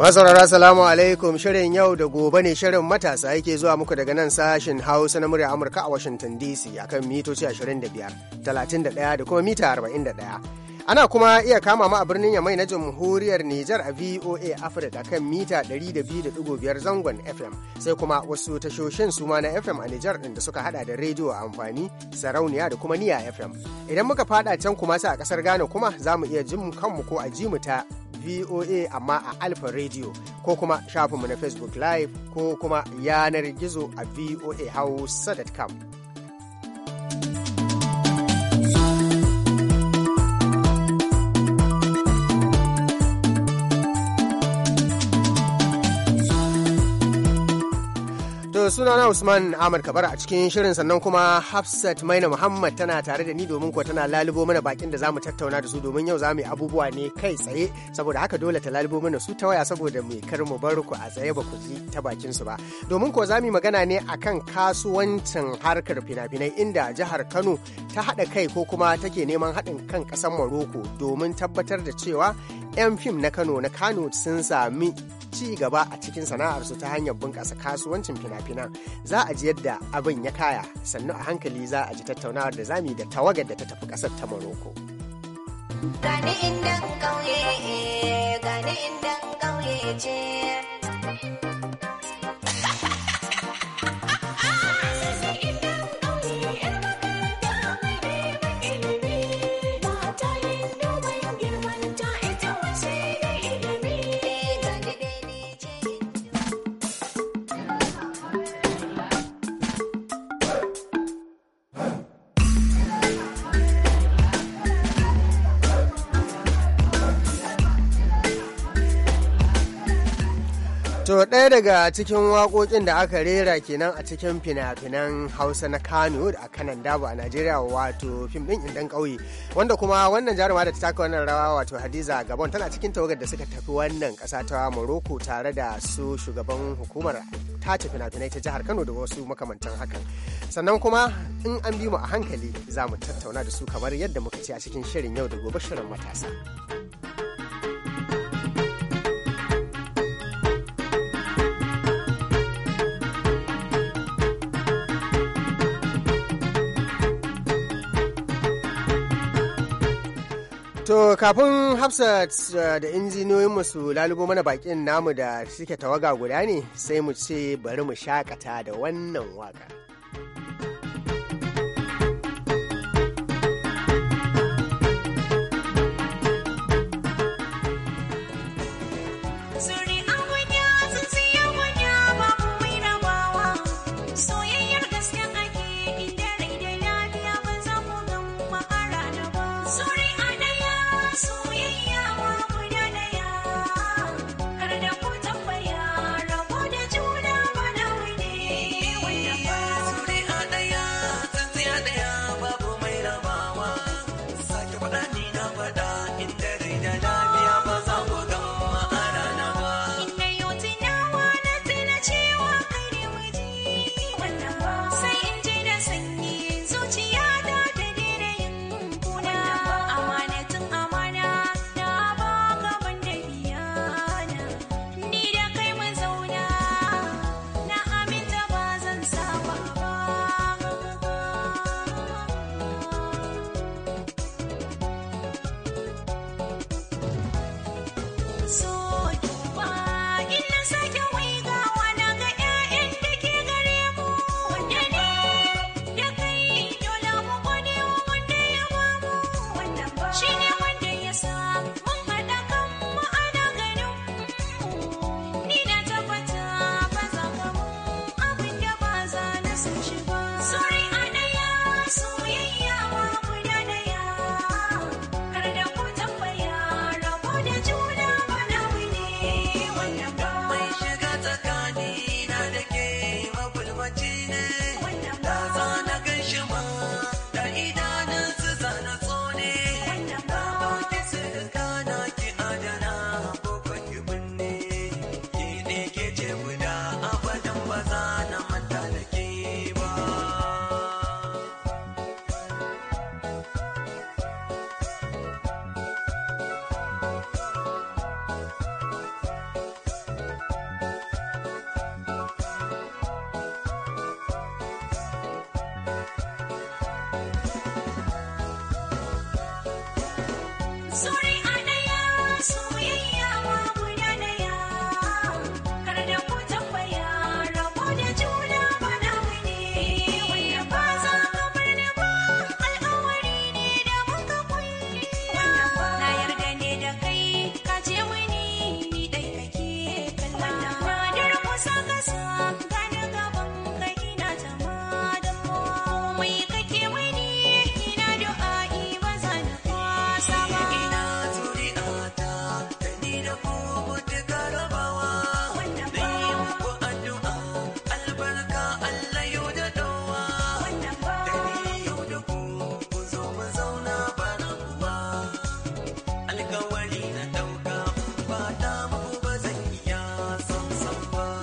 Masaurara salamu alaikum shirin yau da gobe ne shirin matasa yake zuwa muku daga nan sashen Hausa na murya Amurka a Washington DC akan mitoci 25, 31 da kuma mita 41. Ana kuma iya kama mu a birnin Yamai na Jamhuriyar Nijar a VOA Africa kan mita 200.5 zangon FM sai kuma wasu tashoshin suma na FM a Nijar din da suka hada da rediyo amfani sarauniya da kuma niya FM. Idan muka fada can kuma sai a kasar Ghana kuma za mu iya jin kanmu ko a ji mu ta voa amma a alfa radio ko kuma shafinmu na facebook live ko kuma yanar gizo a voa hausa.com na Usman Ahmad Kabara a cikin shirin sannan kuma Hafsat Maina Muhammad tana tare da ni domin kuwa tana lalubo mana bakin da zamu tattauna da su domin yau zamu yi abubuwa ne kai tsaye saboda haka dole ta lalubo mana su ta waya saboda mai kar mu bar ku a tsaye ba ku ji ta bakin su ba domin ko zamu yi magana ne akan kasuwancin harkar fina-finai inda jihar Kano ta haɗa kai ko kuma take neman haɗin kan ƙasar Morocco domin tabbatar da cewa 'yan fim na Kano na Kano sun sami ci gaba a cikin sana'arsu ta hanyar bunƙasa kasuwancin fina-finan za a ji yadda abin ya kaya sannu a hankali za a ji tattaunawar da zami da tawagar da ta tafi ƙasar ta Maroko. Gani indan ƙauye, gani indan ƙauye ce. daga cikin waƙoƙin da aka rera kenan a cikin fina-finan hausa na kano da aka nan a najeriya wato fim ɗin indan ƙauye wanda kuma wannan jaruma da ta taka wannan rawa wato hadiza gabon tana cikin tawagar da suka tafi wannan ƙasa ta morocco tare da su shugaban hukumar tace fina-finai ta jihar kano da wasu makamantan hakan sannan kuma in an bi mu a hankali za mu tattauna da su kamar yadda muka ce a cikin shirin yau da gobe shirin matasa. To kafin Hafsat uh, da injiniyoyin su lalubo mana bakin namu da suke tawaga guda ne sai mu ce bari mu shakata da wannan waka.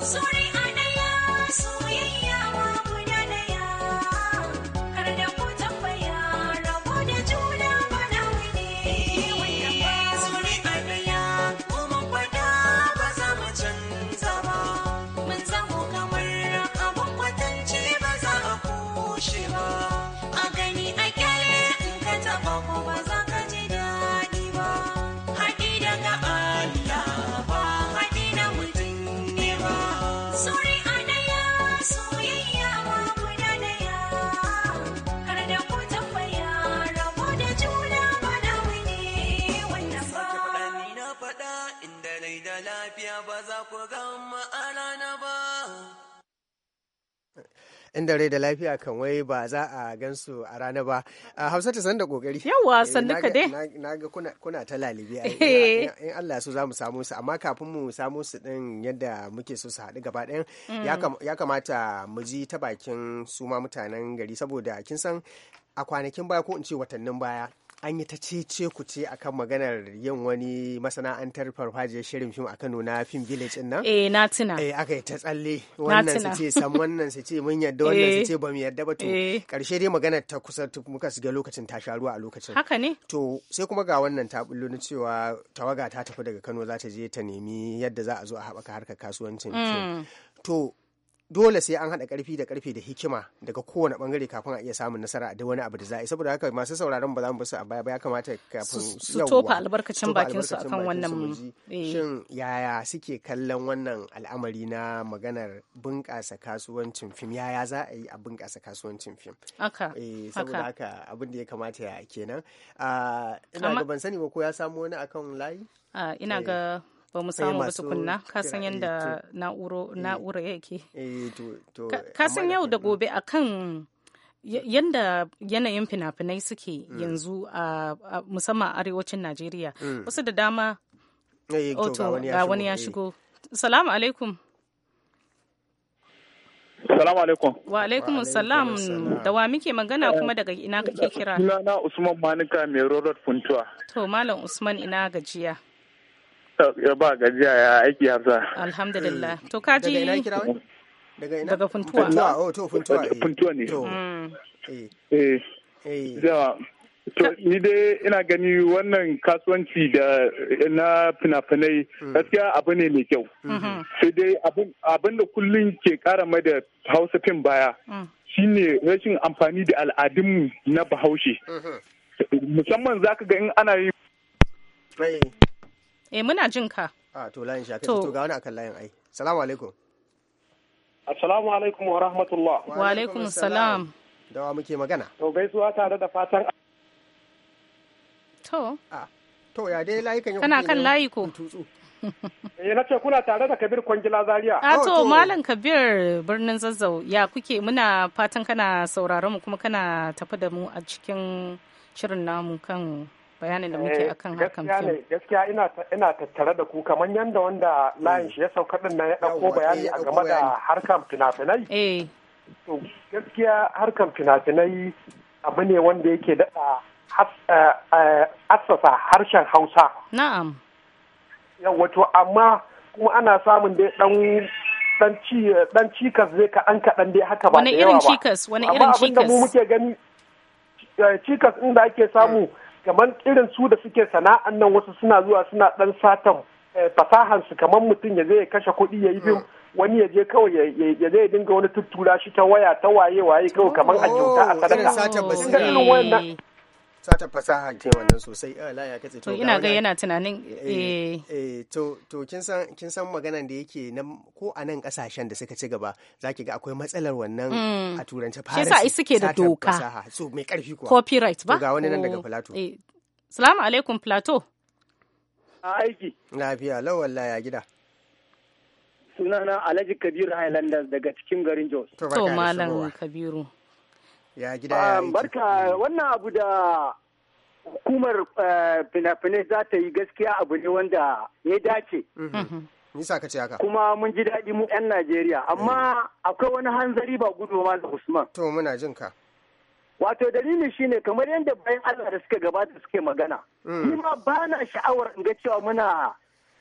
Sorry. In ku gama rai da lafiya kan wai ba za a gansu a rana ba. Hausa ta sanda kokari. Yawa eh, sannu ka dai. Na ga kuna ta lalibi eh. in Allah so za mu samu su amma kafin mu samu su din yadda muke so su haɗu gaba ɗayan mm. ya kamata mu ji ta bakin suma mutanen gari saboda kin san a kwanakin baya ko in ce watannin baya an yi ta cece ku ce akan maganar yin wani masana'antar farfajiyar shirin fim a Kano na film village din nan eh na tuna eh aka yi ta tsalle wannan su ce sam wannan su ce mun yadda wannan su eh. ce ba mu yadda ba to eh. karshe dai maganar ta kusa muka shiga lokacin ta sha ruwa a lokacin haka ne to sai kuma ga wannan ta bullo na cewa tawaga ta tafi daga Kano za ta je ta nemi yadda za a zo a haɓaka harkar kasuwancin mm. to dole sai an haɗa ƙarfi da ƙarfi da hikima daga kowane ɓangare kafin a iya samun nasara da wani abu da za a yi saboda haka masu sauraron ba za mu basu a baya ba ya kamata kafin su tofa albarkacin bakin su akan wannan eh. shin yaya suke kallon wannan al'amari na maganar bunƙasa kasuwancin fim yaya za a yi a bunƙasa kasuwancin fim haka eh, saboda haka abin da ya kamata ya kenan ah, ina ga ban sani ba ko ya samu wani akan layi ah, ina eh. ga ba mu samu ba tukunna ka san eh, yadda eh, na'ura yake eh, ka san yau da gobe kan yadda yanayin fina-finai suke mm. yanzu a musamman arewacin najeriya mm. wasu da dama oto ga wani ya shigo salamu alaikum Salamu alaikum. Wa alaikum salam da wa muke magana kuma daga ina kake kira? Sunana Usman Manika mai Road Funtuwa. To Malam Usman ina gajiya. ba gajiya ya aiki hamsa alhamdulillah to kaji daga ina daga funtuwa funtuwa oh to funtuwa eh. funtuwa ne to hmm. eh. eh eh yawa to ni dai ina gani wannan kasuwanci da na finafinai hmm. gaskiya abu ne mai kyau mhm. sai dai abin da kullum ke kara mai da hausa fin baya hmm. shi ne rashin amfani da al'adun na bahaushe mhm. musamman za ka ga in ana yi eh. eh muna jin ka a ah, to layin shafi to ga wani akan layin ai assalamu alaikum assalamu alaikum wa rahmatullah wa alaikum salam dawa muke magana to gaisuwa tare da fatan to a ah, to ya dai layi kan yi kana kan layi ko eh na ce kuna tare da kabir kwangila zaria a ah, oh, to malam kabir birnin zazzau ya kuke muna fatan kana sauraron mu kuma kana tafi da mu a cikin shirin namu kan bayanin da muke eh, akan hakan fim gaskiya ina ina tattare da ku kamar yanda wanda layin shi ya sauka din nan ya dauko eh, bayani a game da harkan fina-finai eh to gaskiya harkan fina-finai abu ne wanda yake daɗa eh, assasa harshen hausa na'am wato amma kuma ana samun dai dan dan cikas zai ka an kaɗan dai haka ba da yawa ba wani irin cikas wani irin cikas amma da mu muke gani cikas inda ake samu kamar irin su da suke sana'an nan wasu suna zuwa suna dan satan eh, fasahan su kamar mutum ya zai ya kashe kuɗi ya yi bin wani ya je kawai ya zai ya dinga wani tuttura shi ta waya ta waye waye kawai kamar a kyauta a oh, sadaka. sata fasaha ce wannan sosai a ah, laya katse to ina ga yana tunanin eh eh, eh eh to to kin san kin san maganan da yake nan ko a nan kasashen da suka ci gaba zaki ga akwai matsalar wannan mm. a turanci fara shi yasa suke da doka so mai karfi kuwa copyright ba ga wani nan daga oh, plato eh salamu alaikum plato a aiki lafiya lawan laya gida sunana Alhaji Kabiru Highlanders daga cikin garin Jos. To Malam Kabiru. ya gida ya barka wannan abu da hukumar eh, fina-finai za ta yi gaskiya abu ne wanda ya dace nisa mhm. ka ce haka kuma mun ji daɗi mu 'yan najeriya amma mm. akwai wani hanzari ba gudu ma da usman to muna jin ka wato dalilin shine kamar yadda bayan allah da suke gabata suke magana mm. ni ma ba na sha'awar in ga cewa muna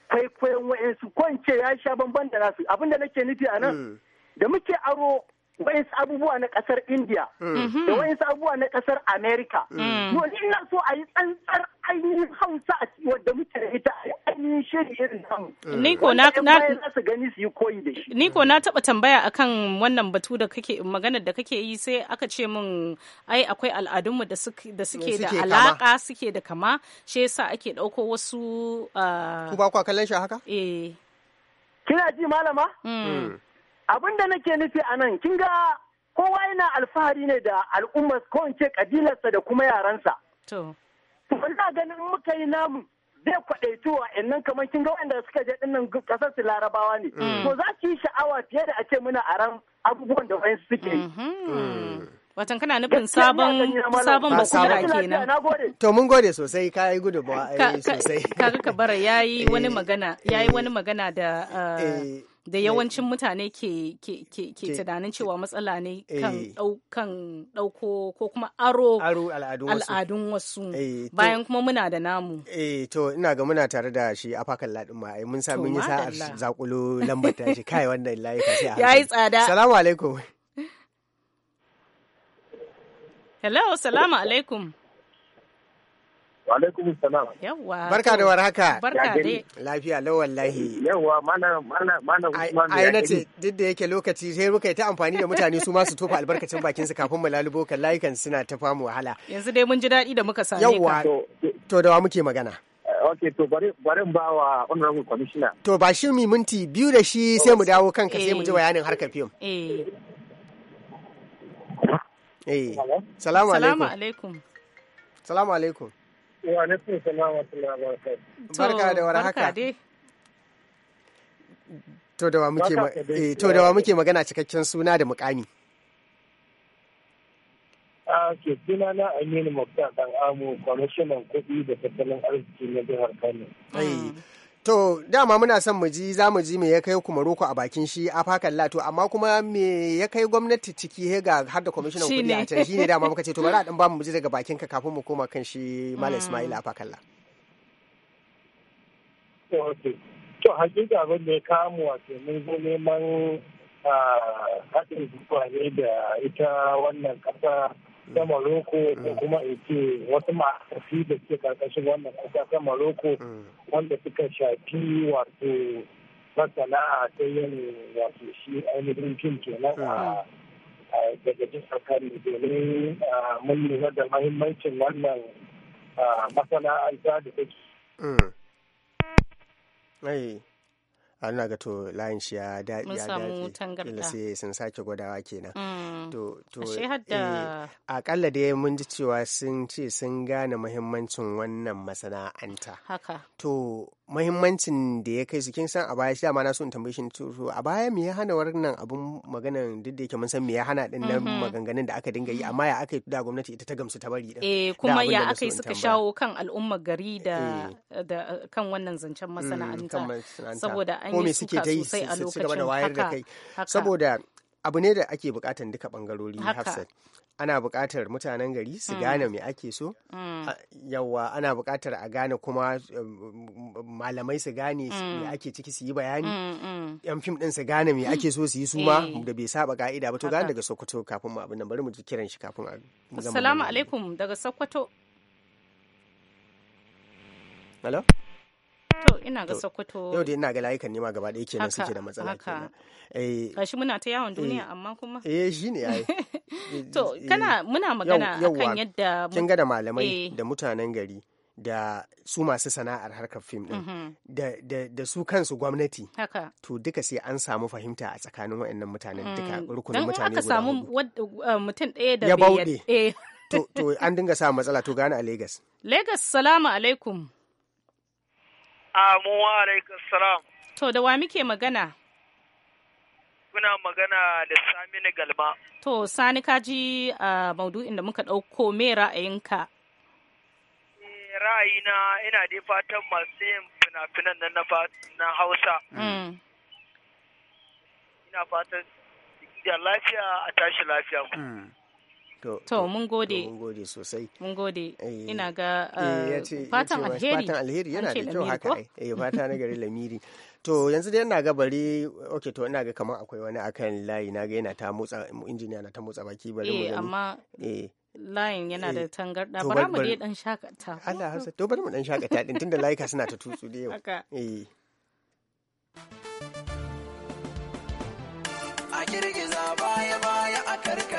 kwaikwayon wa'insu kwance ya sha bamban da nasu abin nake nufi a nan mm. da muke aro wayansu abubuwa na kasar India mm-hmm. da wayansu abubuwa na kasar America. Yanzu mm. mm. ina so a yi tsantsar ainihin Hausa a wadda muke da ita ainihin shiri irin namu. Mm. Ni ko na gani su yi koyi da shi. Ni ko na taba tambaya akan wannan batu da kake maganar da kake yi sai aka ce min ai akwai al'adunmu da suke da alaka suke da kama shi yasa ake dauko wasu ah, ku ba ku kallon shi haka? Eh. Kina ji malama? abin da nake nufi a nan kin ga kowa yana alfahari ne da al'ummar ko in ce kabilarsa da kuma yaransa to ina ganin muka yi namu zai kwaɗaitu wa nan kamar kin ga wanda suka je dinnan kasar su larabawa ne mm. to za su yi sha'awa fiye da ake ce a ran abubuwan da wayansu suke yi mm-hmm. Watan kana nufin sabon sabon ake kenan. To mun gode sosai ka yi gudunmawa eh, sosai. ka kabara yayi wani eh, magana yayi eh. wani magana da uh, da eh, yawancin mutane ke tunanin cewa matsala ne eh. kan ɗauko ko kuma aro al'adun wasu eh, bayan kuma muna da namu eh to ina ga muna tare da shi a fakan ladin ma mun sa mun yi sa'ar zakulu lambar ta shi kai wannan layi ka sai yayi tsada salamu alaikum hello salamu alaikum Wa alaikum salam. Yawwa. Barka da warhaka. Barka dai. Lafiya lau wallahi. Yawwa mana mana mana Usman. Ai na ce duk da yake lokaci sai muka yi ta amfani da mutane su ma su tofa albarkacin bakin su kafin mu lalubo kan layukan suna ta famu wahala. Yanzu dai mun ji daɗi da muka same ka. Yawwa. To da wa muke magana? Eh, ok to bari barin ba wa honorable commissioner to ba shi mi minti biyu da shi sai mu dawo kanka sai mu ji eh. bayanin harkar fim eh eh salamu alaikum salamu alaikum Wa ne Barka eh, To da wa muke magana cikakken suna da mukami. A ke suna na Aminu Mukta dan Amo kwamishinan kuɗi da tattalin arziki na jihar Kano. To dama muna son muji ji za mu ji me ya kai kuma roko a bakin shi a fakan lato amma kuma me ya kai gwamnati ciki he ga har da kwamishinan kudi a can shine dama muka ce to bari a dan ba mu ji daga bakin ka kafin mu koma kan shi Malam Ismail a fakan la. To hakika abin da ya kamo wato mun zo neman ah, haɗin gwiwa ne da ita wannan ƙasa ta Morocco ko mm. kuma in ce wasu masu da suke karkashin wannan ƙasa ta Morocco mm. wanda suka shafi wato masana'a ta yin wato shi ainihin kin kenan a mm. daga jin Kano domin mun lura da mahimmancin wannan masana'anta da take. ana ga to layin shi ya daɗi ya daɗi sai sun sake gwadawa kenan mm. to to kalla eh, dai mun ji cewa sun ce sun gane muhimmancin wannan masana'anta haka to muhimmancin da ya kai su kin san a baya shi ma na so in tambaye shi to a baya me ya hana wannan abun maganan duk da yake mun san me ya hana din nan mm-hmm. maganganun da aka dinga yi amma ya aka yi da gwamnati ita ta gamsu ta bari din eh kuma ya aka yi suka shawo kan al'ummar gari da eh. da kan wannan zancen mm, masana'anta saboda an yi suka sosai a lokacin saboda abu ne da ake bukatan duka bangarori hafsat ana bukatar mutanen gari su mm. gane me ake so mm. yawa ana bukatar a gane kuma eh, malamai su gane me mm. ake ciki su yi bayani yan fim din su gane me ake so su yi suma eh. da bai saba ka'ida ba to gane daga sokoto kafin mu abin nan bari mu ji kiran shi kafin a assalamu alaikum daga sokoto To ina ga Sokoto. Yau da ina ga layukan nema gaba ɗaya kenan suke da matsala kenan. Eh muna ta yawon eh, duniya amma kuma. Eh ne ai. Eh, to eh, kana muna magana akan yadda kin ga da malamai da mutanen gari. da su masu sana'ar harkar fim ɗin mm-hmm. da, su kansu gwamnati to duka sai an samu fahimta a tsakanin waɗannan mutanen duka mm. rukunin mutane guda samu uh, mutum ɗaya da ya bauɗe to, to an dinga samun matsala to gane a Legas. Legas salamu alaikum Amu alaikum salam. To da wa muke magana? Kuna magana da Saminu Galma. To Sani ka ji a maudu'in da muka ɗauko me ra'ayinka? Eh, ra'ayina ina dai fatan masu yin fina-finan na na Hausa. Mm. Ina fatan da lafiya a tashi lafiya. Mm. to mun gode mun gode sosai mun gode eh, ina ga eh, uh, fatan alheri fatan alheri yana da kyau haka eh fata na gari lamiri to yanzu dai ina ga bari okay to ina ga kamar akwai wani akan layi na ga yana ta motsa injiniya na ta motsa baki bari mu eh, gani amma layin yana da tangarda bara mu dai dan shakata Allah hasa to bari mu dan shakata din tunda layika suna ta tutsu da yau eh a baya baya a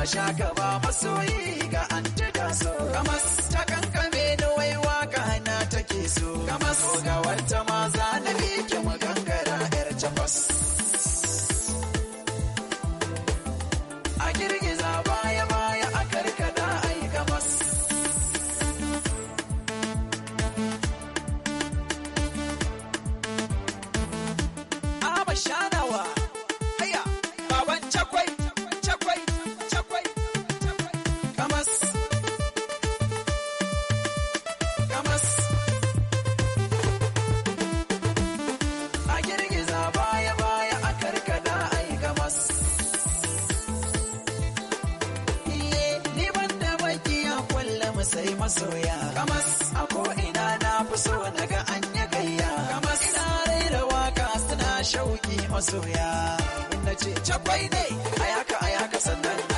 ka sha gaba masoyi masoya kamas a ina na fi so daga an ya gayya kamas ina raira waka suna shauki masoya in ce cabai ne ayaka ayaka sannan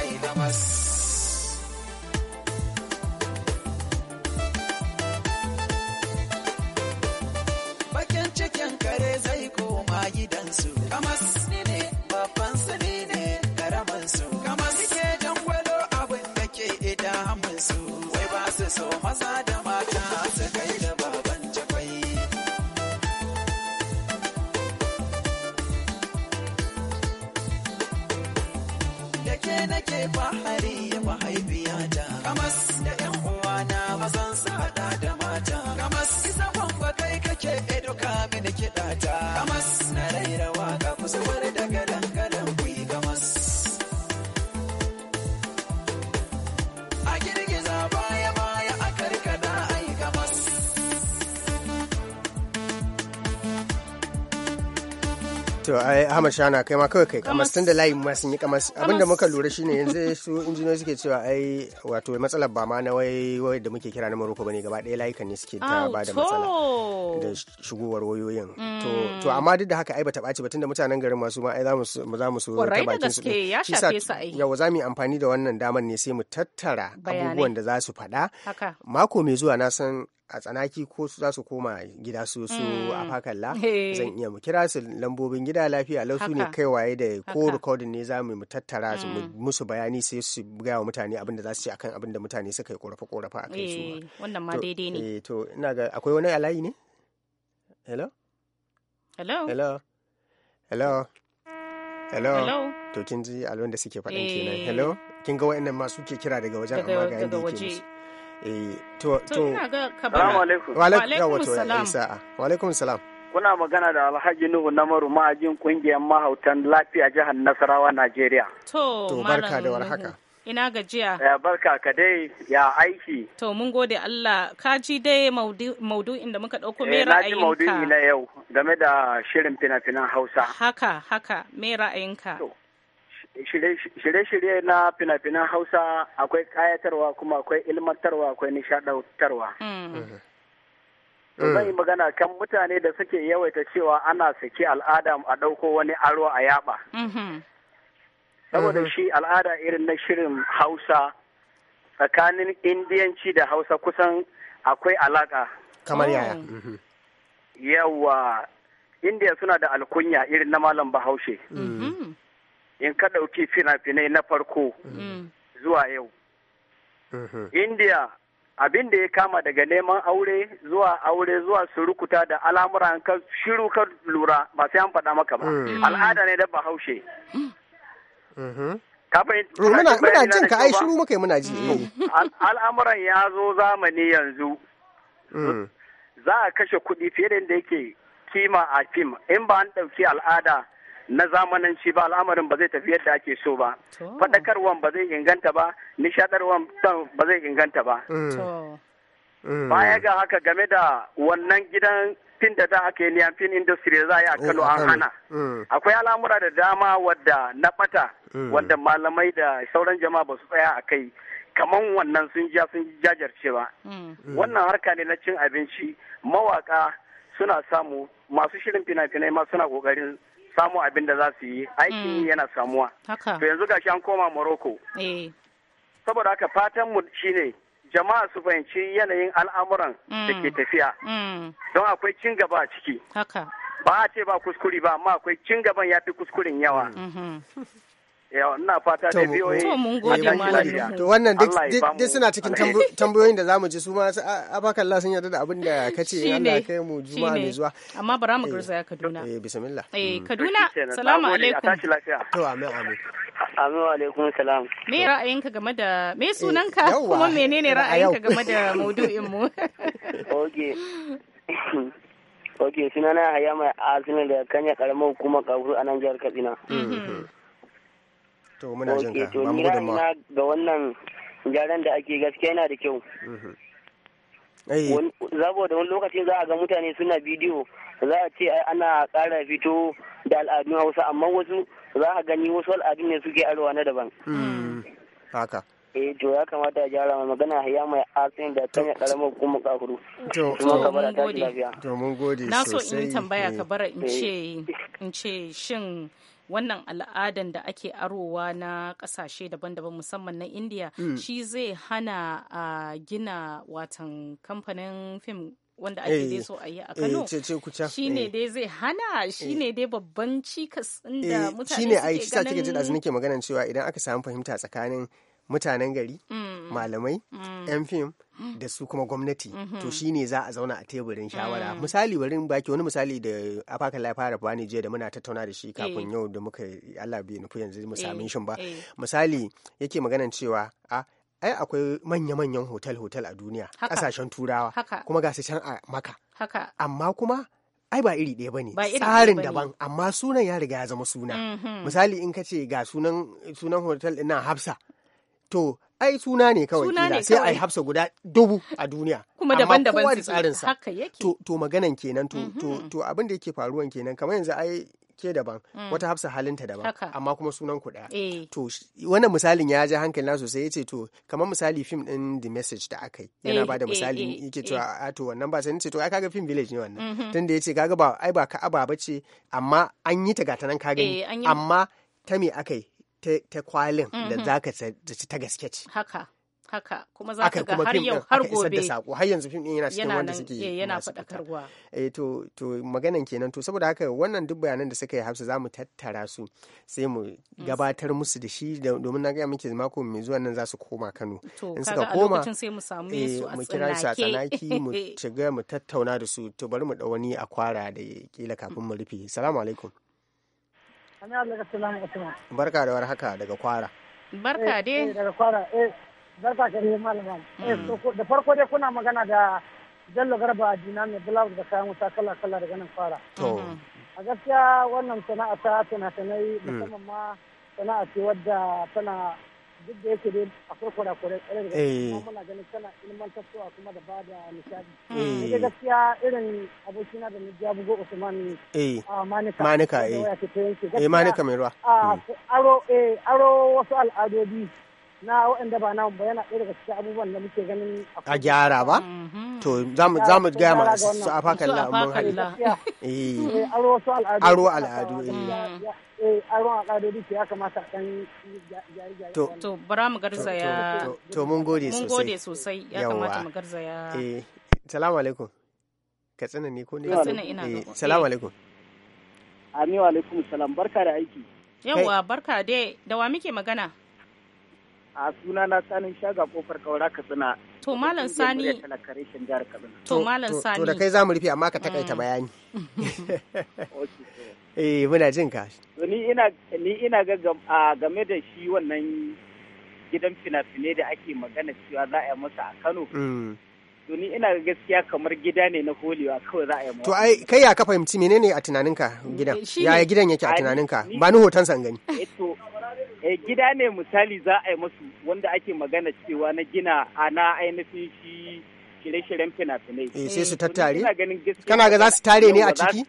to ai Ahmad Shana kai ma kawai kai kamas tun da layin ma sun yi abin abinda muka lura shine yanzu su injiniyoyi suke cewa ai wato matsalar ba ma na wai wai da muke kira na Morocco bane gaba ɗaya layukan ne suke ta ba da matsala da shigowar wayoyin to mm. to amma duk da haka ai bata ɓaci ba tunda mutanen garin masu ma ai za mu za mu ta bakin su ya yawa za mu yi amfani da wannan damar ne sai mu tattara abubuwan da za su faɗa mako mai zuwa na san a tsanaki ko su za su koma gida su su a mm. fakalla zan iya mu kira su lambobin gida lafiya lau su ne kai waye da ko recording ne za mu tattara su mm. musu bayani sai su gaya wa mutane abin da za su ce akan abin da mutane suka yi korafa korafa a kai su eh, wannan ma daidai ne eh, to ina ga akwai wani alayi ne hello hello hello hello hello to kin ji alwan da suke faɗin kenan eh. hello kin ga wa'annan ma suke kira daga wajen amma ga yanda yake kuna magana da alhaji nuhu na maru ma'ajin kungiyar mahautan lafiya jihar nasarawa najeriya to barka da warhaka ina gajiya ya barka ka dai ya aiki to mun gode allah ka ji dai maudu'in da muka ɗauko me ra'ayinka eh, na ji maudu'i na yau game da shirin fina-finan hausa haka haka me ra'ayinka shirye-shirye na fina-finan hausa akwai kayatarwa kuma akwai ilmantarwa akwai nishadantarwa mm. eh. zan yi eh. magana kan mutane da suke yawaita cewa ana saki al'ada a ɗauko wani aro a yaba mm-hmm. saboda mm-hmm. shi al'ada irin na shirin hausa tsakanin indiyanci da hausa kusan akwai alaka kamar oh. yaya mm-hmm. yawa indiya suna da alkunya irin na malam bahaushe in ka ɗauki fina-finai na farko mm. zuwa yau. India abin da ya kama daga neman aure zuwa aure zuwa surukuta da al'amura an ka shiru ka lura ba sai an faɗa maka ba. Mm. Mm. Al'ada ne da bahaushe. Muna jin ka ai shiru muka yi muna ji. Eh. Al'amuran ya zo zamani yanzu. Za a kashe kuɗi fiye da yake kima a fim in ba an ɗauki al'ada na zamananci ba al'amarin ba zai tafi yadda ake so ba faɗakarwan ba zai inganta ba nishadarwan ba zai inganta ba mm. Mm. baya ga haka game da wannan gidan fin da za a kai niyan fin industry za a yi a oh, kano an hana mm. akwai al'amura da dama wadda na bata wadda malamai da sauran jama'a ba su tsaya a kai kaman wannan sun ja sun jajarce ba wannan harka ne na cin abinci mawaka suna samu masu shirin fina-finai ma suna kokarin samu abin da za su yi aikin mm. yana samuwa to yanzu gashi an koma Morocco eh. saboda haka fatan mu shine jama'a su fahimci yanayin al'amuran da mm. ke tafiya mm. don akwai cin gaba a ciki ba a ce ba kuskuri ba amma akwai cin gaban ya fi kuskurin yawa mm-hmm. to to wannan duk suna cikin tambayoyin da zamu ji su ma abakan Allah sun yarda da abin da kace yana kai mu juma mai zuwa amma bara mu gurza ya eh, Kaduna eh bismillah eh mm. Kaduna salamu alaikum to amin amin amin alaikum salam me ra'ayinka game da me eh, sunanka kuma menene ra'ayinka game da maudu'in mu oge oge sunana hayama azumi da kanya karamar kuma kaburu a nan jihar Katsina mm-hmm. Mm-hmm. to muna jin ka ga wannan gyaran da ake gaskiya yana da kyau saboda wani lokacin za a ga mutane suna bidiyo za a ce ana ƙara fito da al'adun hausa amma wasu za a gani wasu al'adun ne suke arewa na daban hmm. haka eh to ya kamata a gyara ma magana ya mai asin da kan ya karamar kuma kakuru to mun gode to mun gode sosai na so in tambaya ka bara in eh. ce in ce shin wannan al'adan da ake arowa na kasashe daban-daban musamman na india mm. shi zai hana a uh, gina watan kamfanin fim wanda ake eh, dai so a yi a eh, Kano shi ne eh. dai zai hana shi ne dai babban cikas inda mutane suke ganin shi ne a yi shi sa cikin jin ke maganan cewa idan aka samu fahimta tsakanin mutanen gari mm. malamai mm. 'yan fim da su kuma gwamnati mm-hmm. to shi ne za a zauna a teburin shawara mm. misali bari baki wani misali da afaka ya fara bani jiya da muna tattauna da shi eh. kafin yau da muka Allah bai nufi yanzu mu eh. samu shin ba eh. misali yake maganan cewa a ai akwai manya-manyan hotel-hotel a duniya kasashen turawa kuma ga su can a maka amma kuma ai ba iri ɗaya bane tsarin daban amma sunan ya riga ya zama suna mm-hmm. misali in ka ce ga sunan sunan hotel ɗin nan Hafsa to ai suna ne kawai kila sai ai hafsa guda dubu a duniya kuma daban-daban su da tsarin sa to to maganan kenan to to mm-hmm. to abin da yake faruwan kenan kamar yanzu ai ke daban mm. wata hafsa halinta daban amma kuma sunan ku daya eh. to wannan misalin ya ja hankali na sosai yace to kamar misali film din the message da aka yi yana eh, bada eh, misali yake to a ah, to wannan ba sai ce to ai kaga film village ne wannan mm-hmm. tunda yace kaga ba ai ba ka aba bace amma an yi ta gata nan ka gani amma ta me aka yi ta kwalin da mm-hmm. za ka ci ta gaske ce. Haka. haka kuma za ka ga har yau har gobe da har yanzu fim ɗin yana cikin wanda suke eh, yana faɗakarwa eh to to maganan kenan to saboda haka wannan duk bayanan da suka yi Hafsa mu tattara su sai mu gabatar musu da shi domin na gaya muke mako mai zuwa nan za su koma Kano in suka koma sai mu samu eh, su a mu kira su a tsanaki mu shiga mu tattauna da su to bari mu ɗau wani akwara da kila kafin mu rufe salamu alaikum Barka da war haka daga kwara. Barka eh, dai. Eh, daga kwara, eh, barka ka dai malama. Eh, mm. Da farko dai kuna magana da Jallo Garba a Jina mai Bulawus da kayan wuta kala-kala daga nan kwara. To. Mm-hmm. A gaskiya wannan sana'a ta tana tanai mm. musamman ma sana'a ce wadda tana duk da yake dai akwai kurakurai tsare da gaske eh. mana ganin tana a kuma da ba da nishadi eh. ne gaskiya irin abokina da ya bugo Usman manika manika eh ah, manika eh. mai ruwa ah, hmm. aro aro wasu al'adodi na waɗanda ba na ba yana ɗaya daga cikin abubuwan da muke ganin a gyara ba mhm. to za mu gaya ma su a afakalla mun hali eh. Eh, aro wasu al'adu aro al'adu eh. aro al'adu ya kamata a ɗan gyare to bara mu garza ya to mun gode sosai mun gode sosai ya kamata mu garza ya eh salamu alaikum ka tsina ne ko ne tsina ina ga salamu alaikum amin wa alaikum salam barka da aiki yawa barka dai da wa muke magana a suna na sanin shaga kofar kaura katsina to malam sani to malam sani to da kai zamu rufe amma ka takaita mm. bayani eh muna jin ka ni ina ni ina ga game da shi wannan gidan fina-finai da ake magana cewa za a yi masa a Kano mm. to ni ina gaskiya kamar gida ne na holewa kawai za a yi masa to ai kai ya ka fahimci menene a tunaninka gidan yaya gidan yake a tunaninka ba ni hoton san gani eh, Eh, gida ne misali za a yi musu wanda ake magana cewa na gina ana ainihin shi shirye-shiryen fina-finai. Eh sai su tattare? Kana ga za su tare ne a ciki?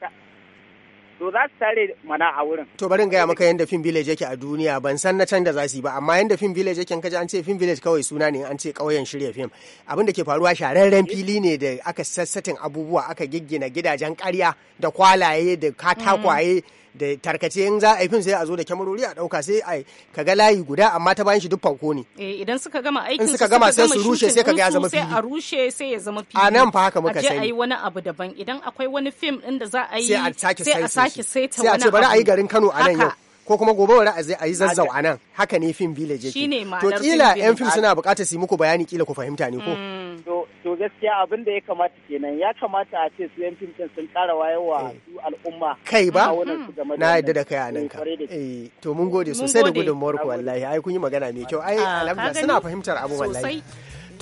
To za su tare mana a wurin. To barin gaya maka yadda Film Village yake a duniya ban san na can da za su yi ba amma yadda Film Village yake kaji an ce Film Village kawai suna ne an ce ƙauyen shirya fim. Abin da ke faruwa shararren fili ne da aka sassatin abubuwa aka giggina gidajen karya da kwalaye da katakwaye. da tarkace in za a yi fim sai a zo da kyamarori a dauka sai a ka ga layi guda amma ta bayan shi duk fanko ne eh, idan suka gama aikin suka gama sai su rushe sai ka ga ya zama fili sai a rushe sai ya zama fili a nan fa haka muka sani a je a yi wani abu daban idan akwai wani fim din da za a yi sai a sake saita wani abu sai a ce bari a yi garin Kano a nan yau ko kuma gobe wani azai a yi zazzau a nan haka ne fim village yake to kila yan fim suna bukatar su yi muku bayani kila ku fahimta ne ko mm. to gaskiya abin da ya kamata kenan ya kamata a ce su yan fim din sun kara wayewa eh. su al'umma kai ba mm. na yadda da kai a nan ka eh, eh, to mun gode sosai da gudunmuwar ku wallahi ai kun yi magana mai kyau ai ah, alhamdulillah suna fahimtar abu wallahi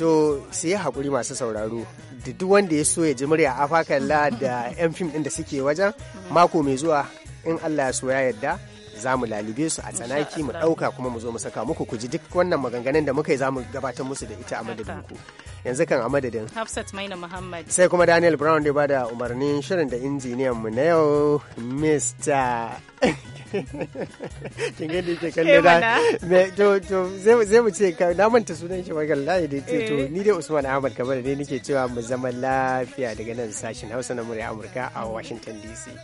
to su yi haƙuri masu sauraro da duk wanda ya so ya ji murya afakalla da 'yan fim ɗin da suke wajen mm. mako mai zuwa in allah ya so ya yarda za mu lalibe su a tsanaki mu ɗauka kuma mu zo mu saka muku ku ji duk wannan maganganun da muka yi za mu gabatar musu da ita a madadin ku yanzu kan a madadin Hafsat Maina Muhammad sai kuma Daniel Brown da bada umarnin shirin da injiniyan mu na yau Mr kin ke kallo da me to to zai mu ce na manta sunan shi magal da ce to eh. ni dai Usman Ahmad kamar ne nake cewa mu zama lafiya daga nan sashin Hausa na murya Amurka a Washington DC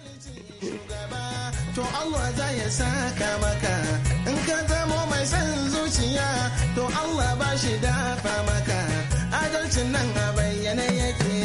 to Allah za ya saka maka in ka zamo mai san zuciya to Allah ba shi dafa maka adalcin nan a bayyane yake